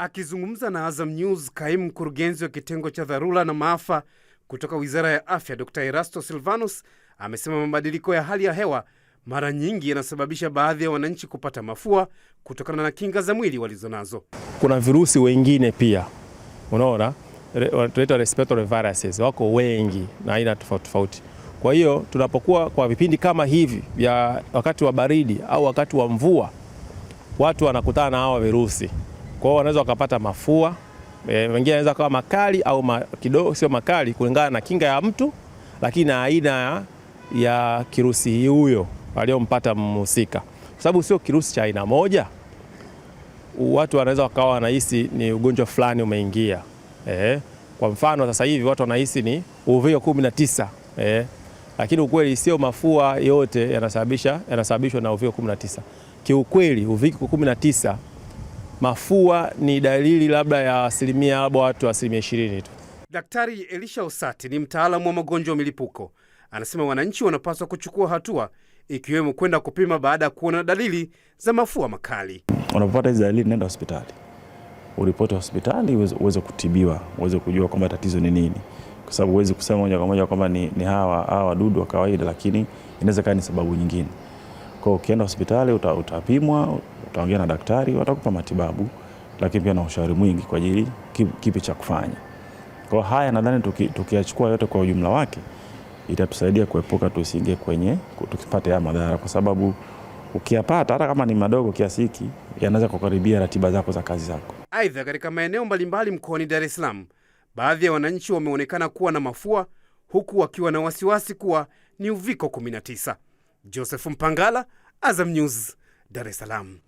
Akizungumza na Azam News, kaimu mkurugenzi wa kitengo cha dharura na maafa kutoka wizara ya afya, Dr Erasto Silvanus amesema mabadiliko ya hali ya hewa mara nyingi yanasababisha baadhi ya wananchi kupata mafua kutokana na kinga za mwili walizo nazo Kuna virusi wengine pia, unaona tunaita respiratory viruses, wako wengi na aina tofauti tofauti. Kwa hiyo tunapokuwa kwa vipindi kama hivi vya wakati wa baridi au wakati wa mvua, watu wanakutana na hawa virusi kwa hiyo wanaweza wakapata mafua e, wengine anaweza kawa makali au ma, kidogo sio makali kulingana na kinga ya mtu, lakini na aina ya kirusi huyo aliyompata mhusika, kwa sababu sio kirusi cha aina moja. Watu wanaweza wakawa wanahisi ni ugonjwa fulani umeingia eh. Kwa mfano sasa hivi watu wanahisi ni uviko 19 eh, lakini ukweli sio mafua yote yanasababisha yanasababishwa na uviko 19. Kiukweli uviko 19 mafua ni dalili labda ya asilimia labda watu asilimia ishirini tu. Daktari Elisha Usati ni mtaalamu wa magonjwa milipuko, anasema wananchi wanapaswa kuchukua hatua ikiwemo kwenda kupima baada ya kuona dalili za mafua makali. Unapopata hizi dalili, nenda hospitali uripoti hospitali uweze kutibiwa, uweze kujua kwamba tatizo ni nini, kwa sababu huwezi kusema moja kwa moja kwamba ni, ni hawa hawa wadudu wa kawaida, lakini inaweza kaa ni sababu nyingine. Kwa hiyo ukienda hospitali uta, utapimwa utaongea na daktari, watakupa matibabu, lakini pia na ushauri mwingi kwa ajili kipi cha kufanya. Kwa haya nadhani tukiyachukua tuki yote kwa ujumla wake itatusaidia kuepuka tusiingie kwenye tukipate haya madhara, kwa sababu ukiyapata hata kama ni madogo kiasi hiki yanaweza kukaribia ratiba zako za kazi zako. Aidha, katika maeneo mbalimbali mkoani Dar es Salaam, baadhi ya wananchi wameonekana kuwa na mafua huku wakiwa na wasiwasi kuwa ni uviko 19. Joseph Mpangala, Azam News, Dar es Salaam.